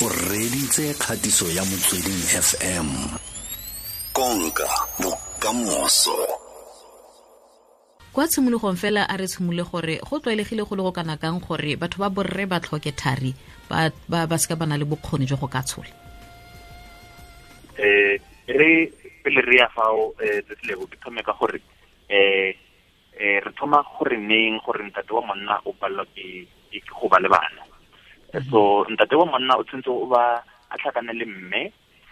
o reditse kgatiso ya motsweding fm konka bokamoso kwa tshimologong fela a re tshimole gore go tlwaelegile go le go kana kang gore batho ba borre ba tlhoke thari ba ba seka ba na le bokgoni jwa go ka tshola um re pele re ya fao um tsetlebo ke thome ka gore um re thoma gore neng gore ntate wa monna o palelwa ke go ba le bana so ntate wa monna o tshwanetse o ba a tlhakane le mme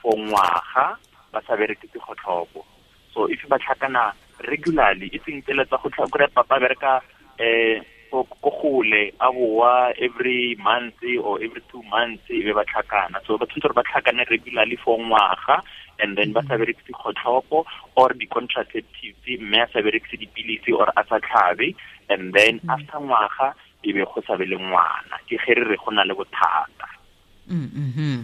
for ngwaga ba sa bereketse kgotlhopo so if ba tlhakana regularly e tseng pele go tlhakore papa bereka eh ko gole a boa every month or every two months e be ba tlhakana so ba tshwanetse gore ba tlhakane regularly for ngwaga and then ba sa mm-hmm. berekise kgotlhopo or di-contraceptives mme a sa berekise dipilisi or a sa tlhabe and then mm-hmm. after ngwaga e be go sa le ngwana ke ge re re go na le bothata mm, mm, mm.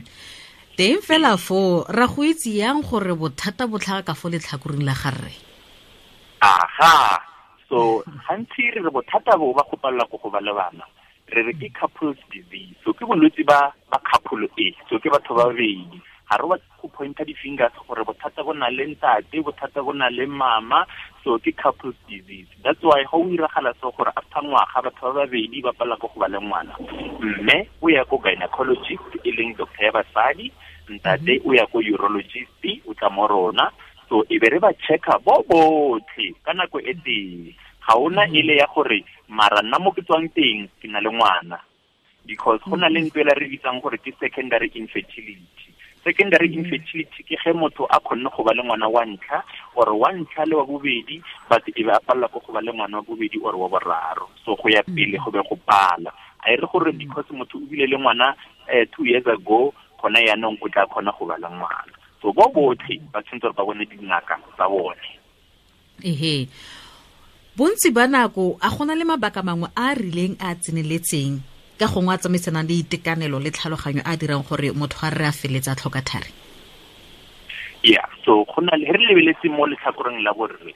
teng fela fo ra go itse yang gore bothata bo ka fo letlhakoreng la garre aha so gantsi re re bothata bo ba go gopalla go go ba le bana re re ke couples disease so ke bolwetse ba ba couple e so ke batho ba babedi ga re batla go pointa di-fingers gore bothata bo na le ntate bothata bo na le mama so ke couples disease that's why ga o iragala so gore after ngwaga batho ba babedi ba pala ko go ba le ngwana mme o ya ko gynecologist e leng doctor ya basadi ntate o ya ko urologist o tla mo rona so e be re ba checker bo botlhe ka nako e teng ga ona e le ya gore mara nna mo ke tswang teng ke na le ngwana because go na le ntwela re bitsang gore ke secondary infertility secondary mm. infertility ke ge motho a khonne go ba le ngwana wa ntlha or wa ntlha le wa bobedi but e be a palelwa ko go ba le ngwana wa bobedi or wa boraro so go ya mm. pele go be go pala a e re gore mm. because motho o bile le ngwana um two years ago gona yaanong o tla kgona go ba le ngwana so bo botlhe ba tshwanetse gore ba bone dingaka tsa bone ehe bontsi ba nako a gona le mabaka mangwe a a rileng a a tseneletseng ka gongwe a tsamaisanang le itekanelo le tlhaloganyo a dirang gore motho a re a feletsa tlhoka thari yeah so go na le re lebeletse mo letlhakoreng la borre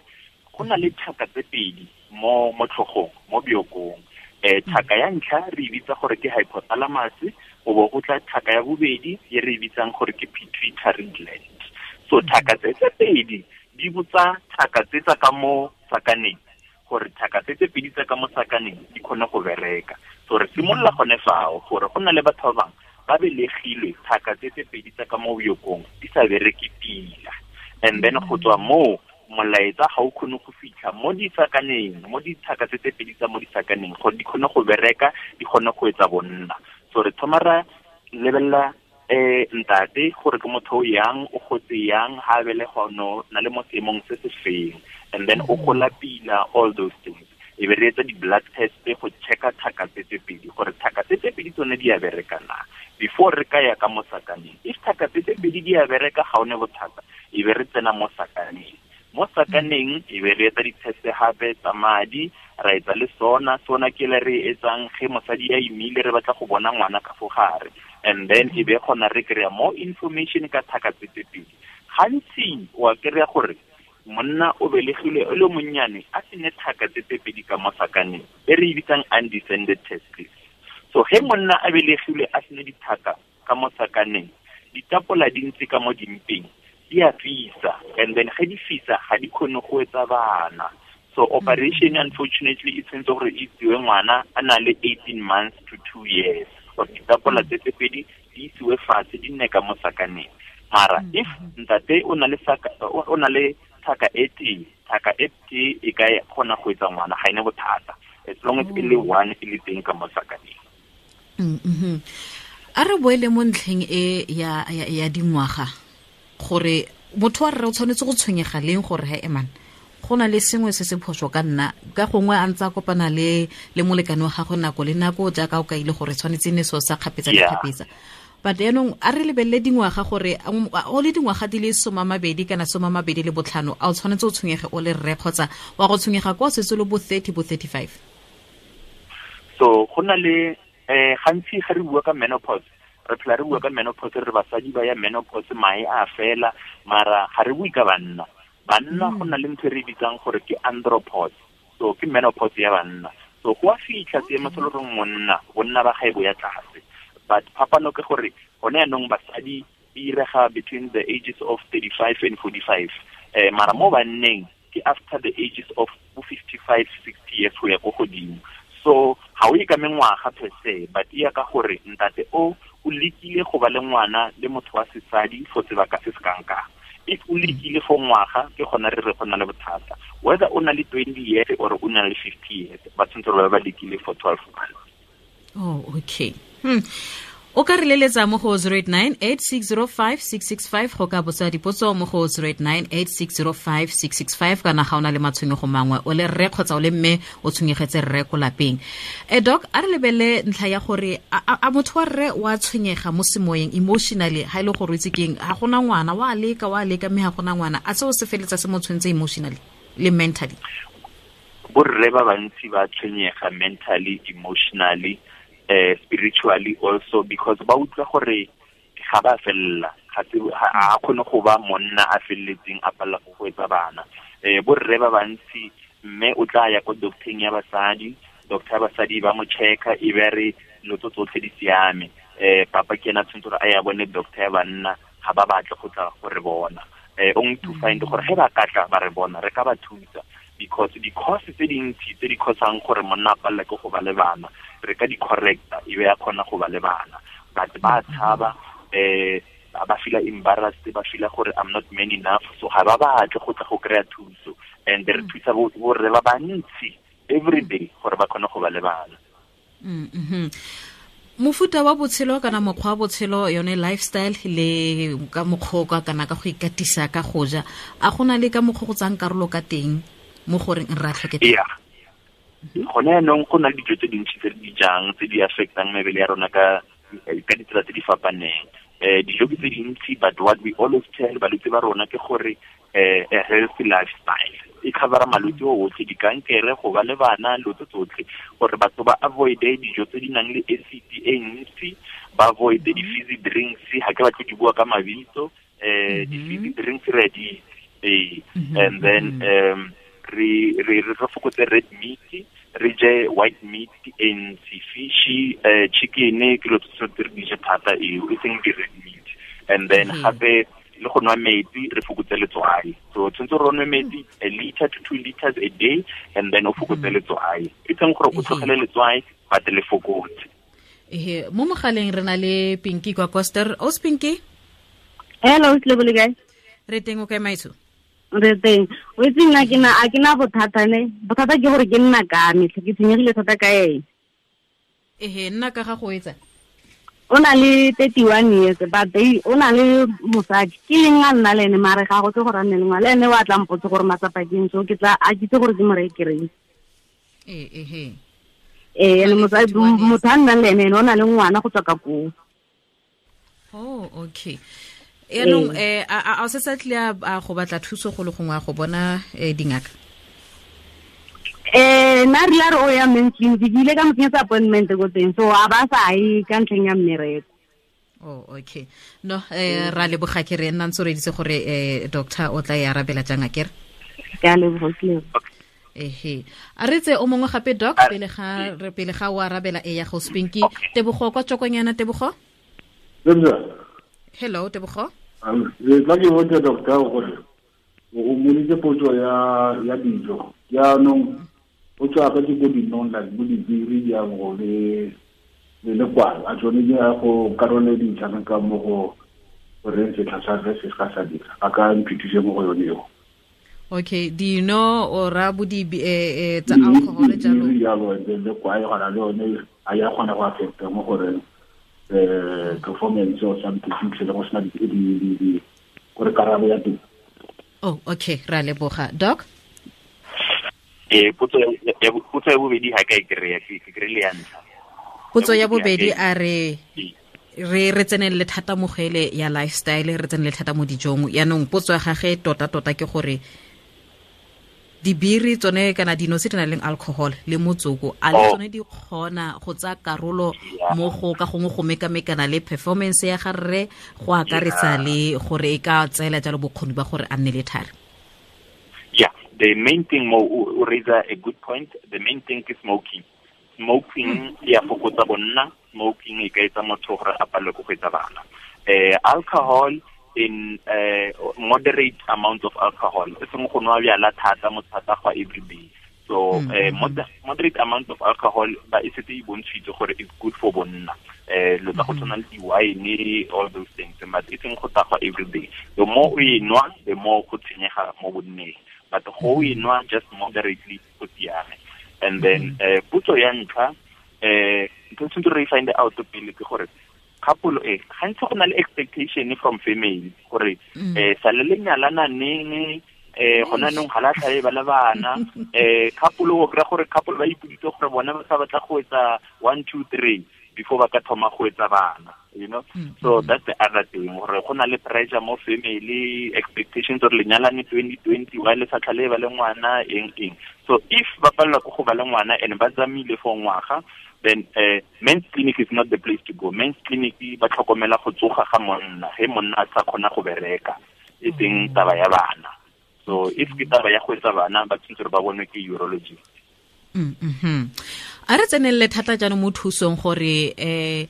go na le thaka tse pedi mo motlhogong mo biokong um eh, thaka ya ntlha re e bitsa gore ke hypothalamus o bo go tla tlhaka ya bobedi ye re e bitsang gore ke pituitary gland so thaka tse tse pedi di botsa thaka tse tsa ka mo sakaneng gore thaka tse tse pedi tsa ka mo sakaneng di kgone go bereka so re simolola gone fao gore go nna le batho ba bangwe ba belegilwe thaka tse tse pedi tsa ka mo boyokong di sa bereke pila and then go tswa moo molaetsa ga o kgone go fitlha mo ditsakaneng mo dithaka tse tse pedi tsa mo gore di kgone go bereka di kgone go etsa bonna so re thoma ra lebelela eh ntate gore ke motho o yang o gotse yang ha belegwa no na le mo seemong se se feng and then o gola pila all those things e be re etsa di-blood test go check-a thaka tse tse pedi gore thaka tse pedi tsone di a berekana before re ka ya ka mosakaneng if thaka tse tse pedi di a bereka ga one ne bothata e be re tsena mo sakaneng mo sakaneng e be re etsa di-test gape tsa madi ra etsa le sona sona ke le re e etsang ge mosadi a imile re batla go bona ngwana ka fo gare and then e be kgona re kry-a more information ka thaka tse tse pedi gantsing wa kry-a gore monna o belegilwe o le monnyane a sene thaka tse tse pedi ka mosakaneng e re e bitsang undescended testis so ge monna a belegilwe a sene dithaka ka mosakaneng ditapola di ntse ka mo dimpeng di a fisa and then ge di fisa ga di kgone go etsa bana so operation mm. unfortunately e tshwanetse gore e itsiwe ngwana a na le eighteen months to two years or ditapola tse tse pedi di itsiwe fatshe di nne ka mosakaneng mara mm. if ntate o na le thaka e tee thaka e tee e ka e kgona go etsa ngwana ga ene bothata as long as e le mm. one e le teng ka mo mm, mm-hmm. a re boele mo ntlheng e ya dingwaga gore motho wa rre o tshwanetse go tshwenyega leng gore ha emana go na le sengwe se se phoso ka nna ka gongwe a ntse a kopana le molekane wa gagwe nako le nako jaaka o kaile gore tshwanetse e ne seo sa kgapetsa le kgapetsa yeah but yaanong a re lebelele dingwaga gore o le dingwaga di le mabedi kana mabedi le botlhano a o tshwanetse o tshwenyege o le rre kgotsa wa go tshwenyega kwa o setse lo bo thirty bo thirty five so go na le um gantsi ga re bua ka menopause re phela re bua ka menopause re basadi ba ya menopause mae a fela mara ga re bue ka banna banna mm. go nna le ntho e re e bitsang gore ke andropause so ke menopause ya banna so go a fitlha seemo se le goreng monna bonna ba bo ya tlase but phapano ke gore gone yaanong basadi e irega between the ages of 35 and 45 eh mara mo banneng ke after the ages of 55 60 years go ya go godimo so ga o e ka mengwaga per se but e ya ka gore ntate o o lekile go ba le ngwana le motho wa sesadi for sebaka se se kankang if o lekile for ngwaga ke gona re re go na le bothata whether o na le 20 years or o na le 50 years ba tshwanetse re ba ba lekile for 12 months oh okay hm o ka re leletsa mo go 0898605665 go ka botsa dipotso mo go 0898605665 kana ga ona le matshwenyego mangwe o le rre kgotsa o le mme o tshwenyegetse rre ko lapeng e doc a re lebele ntlha ya gore a motho wa rre wa tshwenyega mo semoyeng emotionally ha ile e gore itse keng ga gona ngwana wa leka wa leka mme ga gona ngwana a se o se feletsa se mo tshwentse emotionally le mentally borre ba bantsi ba tshwenyega mentally emotionally eh spiritually also because ba utlwa gore ga ba fella ga kgone go ba monna a felletseng a palela go etsa bana eh borre ba bantsi mme o tla ya ko doctoreng ya basadi doctor ya basadi ba mo check-a e be re lotso tsotlhe di siame eh papa ke ena tshwanetse gore a ya bone doctor ya banna ga ba batle go tla gore bona eh ong to mm. find gore ge ba katla ba re bona re ka ba thusa because di-cost tse dintsi tse di khosang gore monna a palela ke go ba le bana re ka di-correcta e ya kgona go ba le bana but ba tshaba um ba fila embarrassed ba fila gore i'm not man enough so ga ba batle go tla go kry-a thuso and re mm. thusa borre ba bantsi every day gore ba kgone go ba le bana mm-hmm. mofuta wa botshelo kana mokgwa wa botshelo yone lifestyle le ka mokgwa kana ka go ikatisa ka go ja a gona le ka mokgwa go tsang karolo ka teng mo goreng re a tlhoketsa gone mm-hmm. yanong go na le dijo tse dintsi tse di jang tse di affectang mebele ya rona ka eh, ka ditsela tse di fapaneng um dijo ke tse dintsi but what we always tell balwetse ba rona ke gore um a healthy lifestyle e covera malwetse otlhe dikankere go ba le bana lotse tsotlhe gore batho ba avoide dijo tse di nang le acid e ntsi ba avoide mm-hmm. di-feasy drinks ga ke tlo di bua ka mabitso um mm-hmm. di-feasy drinks re di eh and then um re re re fokotse red meat re je white meat di-anc fishi um eh, chicken ke lo tse re dije thata eo e seng di-red meat and then mm-hmm. gape le go nwa metsi re fokotse letswai so tshwanetse re nwe metsi a liter to two liters a day and then o fokotse mm-hmm. letswai e seng gore o mm-hmm. tlogele letswai but le fokotse ehe mo mogaleng re na le pinky kwa coster os pinky hello le bole re teng o kae maitsho re teng o etseng a ke a ke na bothata ne bothata ke gore ke nna ka metlha ke tshwenyegile thata ka eng ehe nna ka ga go etsa o na le thirty-one years but o na le mosadi ke leng a nna le ene maare ga go tse gore a nne lengwa le ene o a tla mpotse gore matsapa keng so ke tla a kitse gore ke mo reye kereng ee ene mosadi motho a nnang le ene ene o na le ngwana go tswa ka koo oh okay yaanong um eh, a o se sa tlile a go batla thuso go le gongwe a go bona um dingaka um nna rile re o ya mansfield ke ile ka mo tsenyetsa appointment ko teng so a ba sa ye ka ntlheng ya mmereko oh okay no um ra leboga ke re nna ntse o reditse gore um doctor o tla e arabela jang a kere ke a lebogakeo ehe a re tse o mongwe gape doc pele ga pele ga o arabela e ya go spinki tebogo kwa tsokonyana tebogo hello tebogo tla ke botse doctor gore o moditse potso ya dijo jaanong o aka ke ko dinong like bo dibiri diango le lekwalo a tsone di ya go karole dintlhana ka mo go goreng setlha sa re se ka sa dira a ka mphithise mo go yone eo okay dino o ra bo di eh, eh tsa alcohol jalo jalo le kwae gona le yone a ya kgona go affecta mo goreng performance eh, or something fitlhele go sena gore karabo ya teng oh okay ra leboga doc e, potso ya bobedi ha ka e kry-a ke kry le ya ntlha potso ya bobedi a re re re tsenelle thata mo ya lifestyle re tsenelle thata mo dijong yaanong potso ya gage tota-tota ke gore dibiri tsone kana dino tse di nang le alcohol le motsoko a le oh. tsone di kgona go tsa karolo mo go ka gongwe go mekamekana le performance ya ga garre go akaretsa le gore e ka tseela jalo bokgoni ba gore a nne le thari yeah the main thing mo o raise a good point the main thing ke smoking smoking e a fokotsa bonna smoking e ka etsa motho gore a palelwe go etsa bana eh alcohol in a uh, moderate amount of alcohol e seng go nwa bjala thata mothata gwa every day so mm -hmm. uh, moderate amount of alcohol ba e setse e bontshitse gore it's good for bonna um lo tsa go mm-hmm. tshwana le di-wine all those things but e seng go tagwa every day the more o e nwa the more go tshenyega mo bonneng but go o e mm-hmm. nwa just moderately go siame and then um uh, potso ya ntlha um ntho tshwanetse re e out pele ke gore kgapolo e ga ntse go na le expectation from family gore mm. eh sa le le nyalana neng eh gona nong ga la tlhabe ba le bana eh kgapolo o kry gore kgapolo ba ipoditse gore bona ba sa batla go etsa one two three before ba ka thoma go etsa bana you know mm -hmm. so that's the other thing gore go na le pressure mo family expectations gore lenyalane twenty twenty wa le sa tlhale ba le ngwana eng eng so if ba palelwa ke go ba le ngwana and ba tsamile for ngwaga then uh, men's clinic is not the place to go men's clinic ba tlhokomela go tsoga ga monna he monna a sa khona go bereka e teng mm. taba ya bana so if ke taba ya go etsa bana ba tshwanetse ba bonwe ke urologist mhm a re tsenelele thata jaanong mo thusong gore eh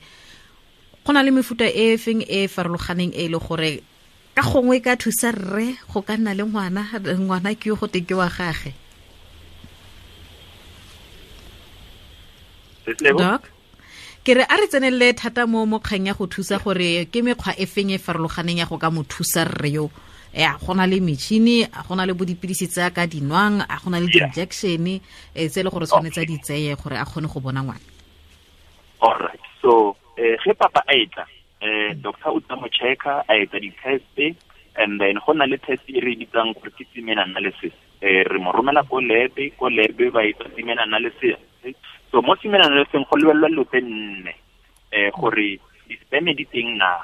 go na le mefuta e feng e farologaneng e le gore ka gongwe e ka thusa rre go ka nna le ngwana ngwana ke yo go teke wa gage ke re a re tsenelele thata mo mo ya go thusa gore ke mekgwa e feng e, e farologaneng ya go ka mo thusa rre yo e, a gona le metšhini a gona le bo dipilisi tsa ka dinwang a gona le di-injection e tse e le gore tshwane tsa di tseye gore a kgone go bona ngwana alright so eh ge papa a etla eh doctor o tla mo checker a etsa di-test and then go na le test e re bitsang gore ke semen analysis eh re mo romela ko lebe ko lebe ba etsa semen analysis so mo semenaneleseng go lebelelwa lope nne um eh, gore di-speme di teng na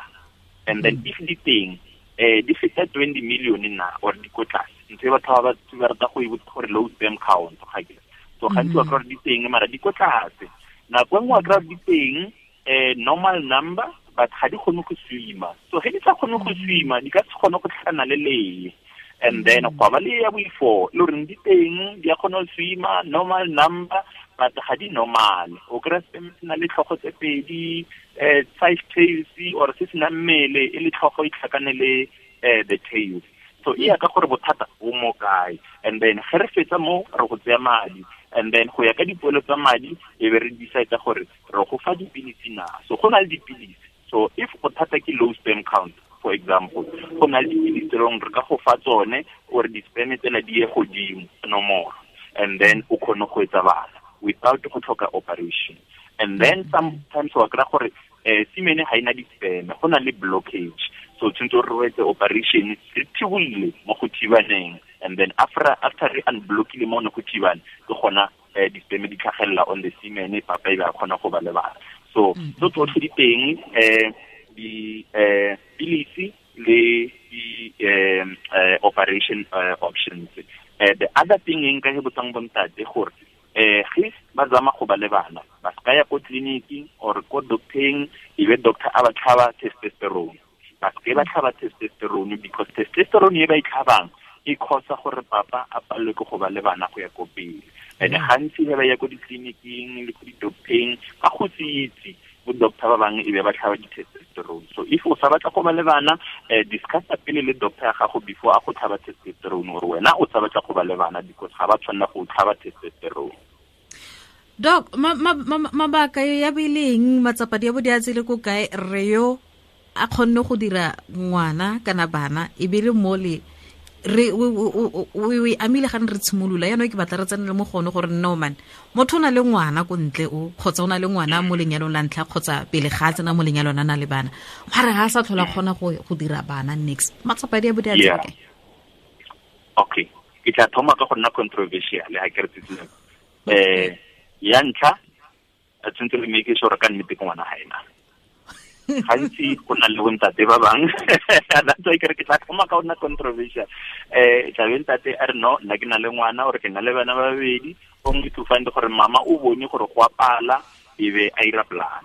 and then if di teng um di feta twenty million na or di ko tlase ntse batho ba batsi ba rata go e gore low spam count ga ke so gantsi wa mm. kry di teng mara di ko tlase nako engwe wa kry di teng um normal number but ga di kgone go swima so ge di sa kgone go mm. swima di ka se kgone go tlhana le lee and then gwa ba le ya boifo le goreng di teng di a kgone go swima normal number but ga di normal o kry se se na le tlhogo tse pedi Eh, five tails or se se na mmele e le tlhogo e tlhakane le um the tails so e ya ka gore bothata o mo kae and then ge re fetsa mo re go tseya madi and then go ya ka dipoelo tsa madi e be re decide gore re go fa dipilisi na so go na le dipilisi so if bothata ke low sperm count for example go na le dipilisi tse re ka go fa tsone ore di-sperme tsena di ye godimo nomoro and then o kgone go etsa bana without go tlhoka operation and then mm-hmm. sometimes wa kry-a gore um eh, semene ga e na difeme go na le blockage so tshwanetse re retse operation re thibolile mo go thibaneng and then after after re unblockile mo ne go thibane ke gona um eh, dispeme di tlhagelela on the semene papa e be kgona go ba le bana so tso mm-hmm. tsotlhe di teng um dipilisi le di-operation options the other thing e nka e botsang bontate gore eh ge ba zama go ba le bana ba se ya ko tleliniking or ko doctoreng e be doctor a ba tlhaba testosterone ba se ba tlhaba testosterone because testosterone e ba itlhabang e khosa e gore papa a palelwe ke go ba le bana go ya ko pele and mm. gantsi ge ba ya ko ditleliniking le ko di-doctoreng ba go tseitse bo doctor ba bangwe e be ba tlhaba di-testosterone so if o sa batla go ba le bana um eh, discussa pele le doctor ya gago before a go tlhaba testosterone gore wena o sa batla go ba le bana because ga ba tshwanela go tlhaba testosterone dok mabaka ya beileng matsapadi a bo di a tsele ko kae re yo a kgonne go dira ngwana kana bana e be le mole re we amile gane re tshimolola yanong ke batla re tsenele mo gone gore nne mane motho o na le ngwana ko ntle o kgotsa o na le ngwana mo lenyalong la ntlha kgotsa pele ga a tsena mo lenyalong a na le bana mare ga a sa tlhola kgona go dira bana next matsapadi a bo di a tsele okay ke tla thoma ka go nna controversial ha ke re tsitsileng um eh, ya ntlha a tshwentse re make sure ka nnete ke ngwana ga gaena gantsi go na le bontate ba bang that's why kere ke tla kgoma ka ona controversial um eh, e tlabe ntate a re no nna ke na le ngwana ore ke na le bana ba babedi o mongwe to gore mama o bone gore go apala e be a ira plan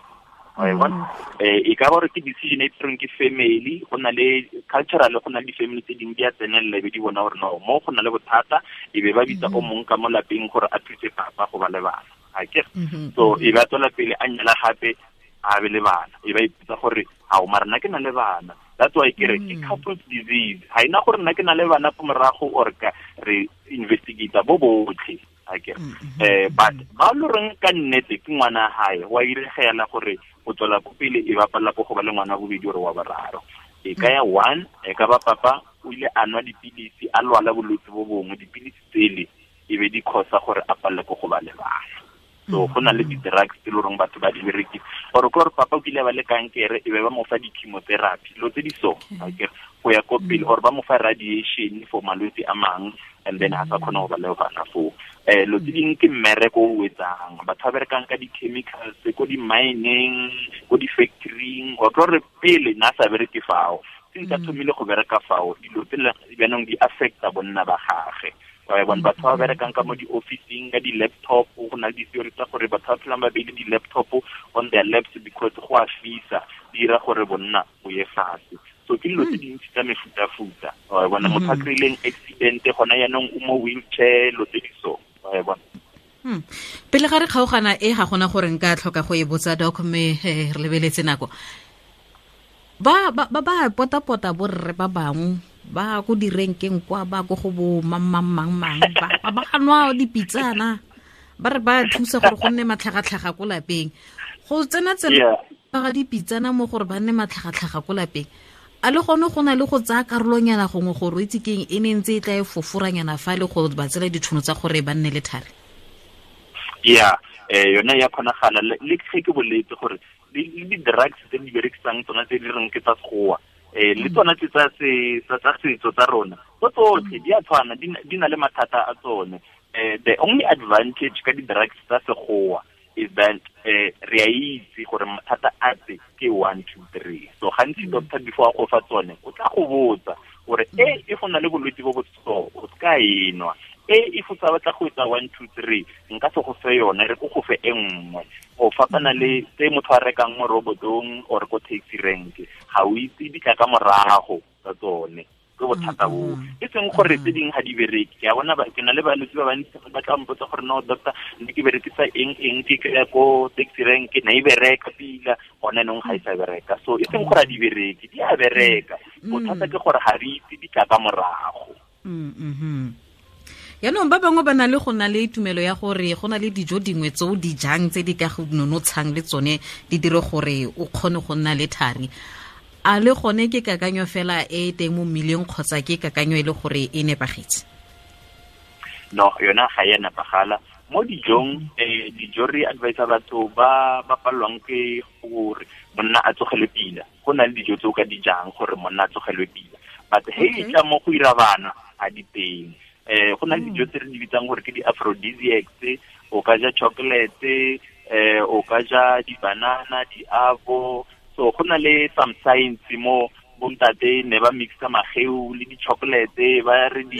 e, mm. eh, e ka ba gore ke decision e tserweng ke family go na le cultural go na le di-family tse dingwe di a tsenelela e be di bona gore no mo go na le bothata e be ba bitsa mm. o mongwe ka mo lapeng gore a thuse papa go ba le bana akere ke mm-hmm. so e ba tswela pele a nyala gape a be le bana e ba ipitsa gore ao mara nna ke na le bana that's why ke re ke mm-hmm. couples disease ha ina gore nna ke na le bana ko morago or ka re investigate bo botlhe akere um mm-hmm. eh, but ba lo reng ka nnete ke ngwana gae wa iregela gore o tswela ko pele e bapalela ko go ba le ngwana bobedi ore wa boraro e ka ya one e ka ba papa o ile a nwa dipilisi a lwala bolwetse bo bongwe dipilisi tsele e be di khosa gore a palle ko go ba le bana so go na le di-drugs tse le goreng batho ba di berekisa ore ke gore papa o kile ba le kankere e be ba mofa di-chemotherapy lo tse di so akere go ya ko pele or ba mofa radiation for malwetse a mangwe and then a sa kgona go ba le bana foo um lo tse dingwe ke mmereko o wetsang batho ba berekang ka di-chemicals ko di mining ko di factoring or ke gore pele na sa bereke fao sentse a thomile go bereka fao dilo tse bjanong di affecta bonna ba gage bone batho ba berekang ka mo di-officing ka di-laptop go na le di-theory tsa gore batho ba phelang ba beile di-laptop on their laps because go a fisa di dira gore bonna bo ye fase so ke dilo tse hmm. dintsi tsa mefuta-futa wa bona motho a hmm. kry-ileng accident gona yaanong o mo wheelchair lo tse di so wa bona hmm. pele ga re kgaogana e ga gona gore nka tlhoka go e botsa doc mme re lebeletse nako ba ba ba potapota borre ba bangwe ba go direnkeng kwa ba go go bo mangmangmangmang ba ba ganwa dipitsana ba re ba thusa gore go nne matlhagatlhaga ko lapeng go tsena tsena ba ga dipitsana mo gore ba nne matlhagatlhaga ko lapeng a le gone go na le go tsaya karolonyana gongwe gore itse keng e ne ntse e tla e foforanyana fa e le go ba tsela ditšhono tsa gore ba nne le thare ya um eh, yona ya kgonagala le ge ke boletse gore le di-drugs tse di berekisang tsona tse di reng ke tsa sekgowa eh le tsona tse tsa se tsa setso tsa rona tso tsotlhe di a tshwana di na le mathata a tsone eh the only advantage ka di-drugs tsa segoa is that eh re a itse gore mathata a tse ke one two three so gantsi mm. doctor before a go fa tsone o tla go botsa gore e e go na le bolwetse bo bo so o ka enwa e e futsa batla go etsa one two three nka se go fe yone re ko go fe e nngwe go fapana le tse motho a rekang mo robotong or ko taxi rank ga o itse di tla ka morago tsa tsone ke bothata bo mm-hmm. e seng gore mm-hmm. tse dingwe ga di bereke ke a bona ke na le balwetse ba bantsi ba tla mpotsa gore no doctor ne ke berekisa eng eng ke kry-a ko taxi rank ne e bereka pila gone nong ga e sa bereka so e seng gore a di bereke di a bereka mm-hmm. bothata ke gore ga re itse ditla ka morago mm -hmm. yaanong ba bangwe ba na le go na le tumelo ya gore go na le dijo dingwe tse o di jang tse di ka go nonotshang le tsone di dire gore o kgone go nna le thari a le gone ke kakanyo fela e teng mo mmileng kgotsa ke kakanyo e le gore e nepagetse no yona ga ya e nepagala mo dijong mhm. eh dijo re advisa batho ba ba palwang ke gore monna a tsogele pila go na le dijo tse o ka di jang gore monna a tsogelwe pila but he e tla mo go ira bana a di teng eh go na le dijo tse re di bitsang gore ke di-aphrodisiacs o ka ja chocolate eh o ka ja di-banana di-avo so go na le some science mo bontate ne ba mixa mageu le di-chocolate ba re di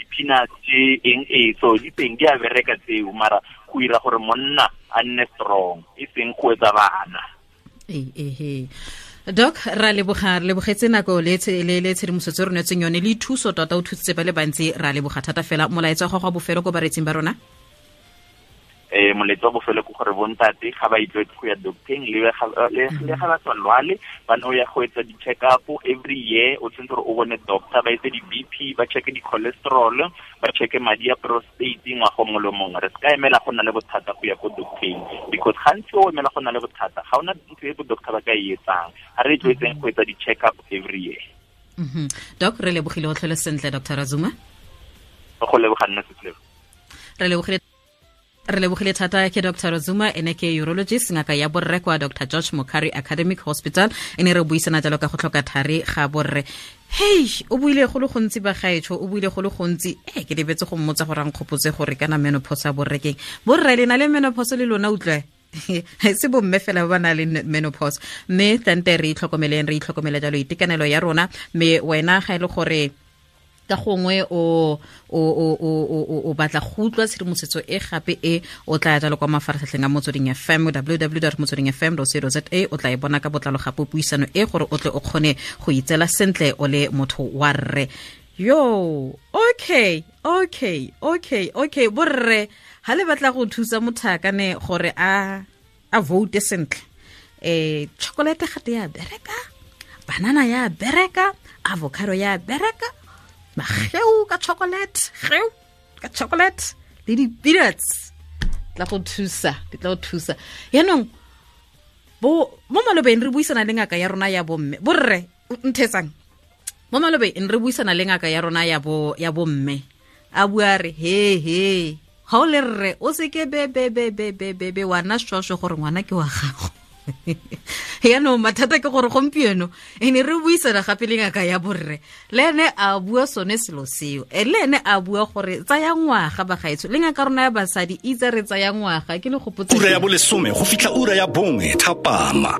di-peanuts e eng e so di teng di a bereka tseo mara go ira gore monna a nne strong e seng go etsa bana ee ee, ee doc ra leboga re lebogetse nako le tshedimosetso e re neetseng yone le thuso tota o thusitse ba le bantsi ra leboga thata fela molaetsa wa gago wa bofelo ko baretsing ba rona eh moletsi wa bofelo ke gore bontate ga ba itlwe go ya docteng le ga ba sa lwale ba ne o ya go etsa di-check up every year o tshwanetse gore o bone doctor ba etse di b p ba check di-cholesterol ba check madi a prostate ngwago mongwe le mongwe re se ka emela go nna le bothata go ya ko docteng because gantsi o emela go nna le bothata ga ona ntho e bo doctor ba ka e etsang ga re itlwetseng go etsa di-check up every year mm doc re lebogile go tlhole sentle dr razuma go leboga re lebogile re lebogile thata ke dr rozuma ene ke urologist ngaka ya borre kwa dr george mokari academic hospital e ne re buisana jalo ka go tlhoka thare ga borre hei o buile go le gontsi bagaetsho o buile go le gontsi e ke lebetse go mmotsa gore nkgopotse gore kana menopause a borrekeng borre le na le menopause le lona utlwe se bomme fela ba ba na le menopause mme tlante re itlhokomeleng re itlhokomela jalo itekanelo ya rona mme wena ga e le gore ka gongwe o o o o o batla go utlwa tshedimosetso e gape e o tla jalo kwa mafaratlhatlheng a motsweding fm www motsweding fm co za o tla e bona ka botlalo gape puisano e gore o tle o kgone go itsela sentle o le motho wa rre yo okay okay okay okay borre ha le batla go thusa mothakane gore a a vote sentle eh chocolate ga te ya bereka banana ya bereka avocado ya bereka mageu ka chocolate geu ka chocolate le di-peanuts tla go thusa di tla go thusa yaanong mo malobeng re buisana le ngaka ya rona ya bomme borre nthetsang mo malobeng re buisana le ngaka ya rona ya bomme a bua re he he ga o le rre o seke be wana be gore ngwana ke wa gago no mathata ke gore gompieno e ne re buisana gape le ngaka ya borre le ene a bua sone selo seo e, le ene a bua gore tsaya ngwaga bagaetsho le ngaka rona ya basadi itse re tsaya ngwaga ke le gopotsa ura ya bolesome go fitla ura ya bongwe thapama